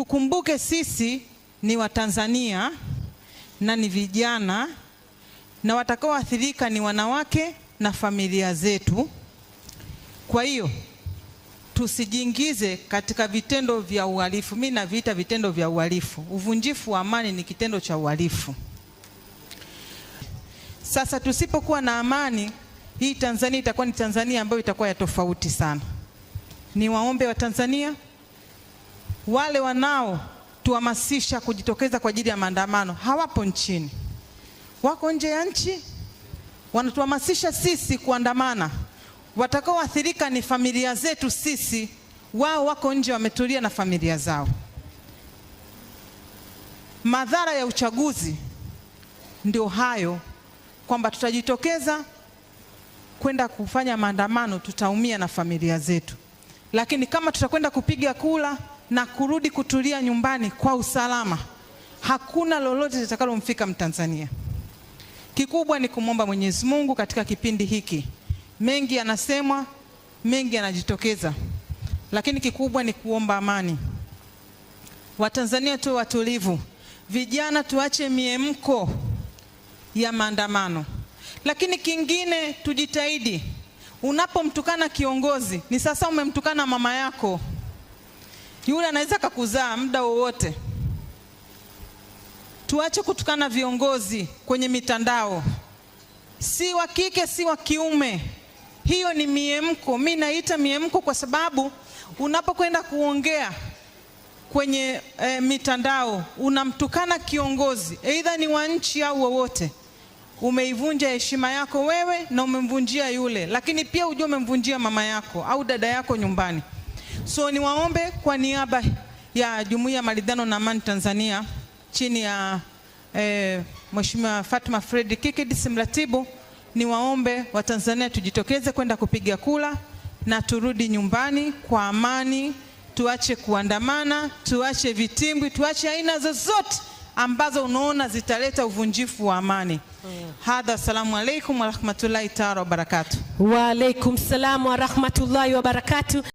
tukumbuke sisi ni Watanzania na ni vijana na watakaoathirika ni wanawake na familia zetu. Kwa hiyo tusijiingize katika vitendo vya uhalifu. Mimi naviita vitendo vya uhalifu. Uvunjifu wa amani ni kitendo cha uhalifu. Sasa tusipokuwa na amani, hii Tanzania itakuwa ni Tanzania ambayo itakuwa ya tofauti sana. Niwaombe Watanzania wale wanaotuhamasisha kujitokeza kwa ajili ya maandamano hawapo nchini, wako nje ya nchi, wanatuhamasisha sisi kuandamana. Watakaoathirika ni familia zetu sisi, wao wako nje, wametulia na familia zao. Madhara ya uchaguzi ndio hayo, kwamba tutajitokeza kwenda kufanya maandamano, tutaumia na familia zetu, lakini kama tutakwenda kupiga kula na kurudi kutulia nyumbani kwa usalama, hakuna lolote litakalomfika Mtanzania. Kikubwa ni kumwomba Mwenyezi Mungu katika kipindi hiki. Mengi yanasemwa, mengi yanajitokeza, lakini kikubwa ni kuomba amani. Watanzania tuwe watulivu, vijana tuache miemko ya maandamano. Lakini kingine tujitahidi, unapomtukana kiongozi ni sasa umemtukana mama yako. Yule anaweza kakuzaa muda wowote. Tuache kutukana viongozi kwenye mitandao, si wa kike si wa kiume. Hiyo ni miemko, mi naita miemko kwa sababu unapokwenda kuongea kwenye e, mitandao unamtukana kiongozi, aidha ni wa nchi au wowote, umeivunja heshima yako wewe na umemvunjia yule, lakini pia ujue umemvunjia mama yako au dada yako nyumbani. So niwaombe kwa niaba ya Jumuiya ya Maridhiano na Amani Tanzania chini ya eh, Mheshimiwa Fatma Fredi Kikidis mratibu, niwaombe Watanzania tujitokeze kwenda kupiga kura na turudi nyumbani kwa amani. Tuache kuandamana, tuache vitimbwi, tuache aina zozote ambazo unaona zitaleta uvunjifu wa amani. Hadha, assalamu alaikum warahmatullahi taala wabarakatu. Waalaikum salam warahmatullahi wabarakatu.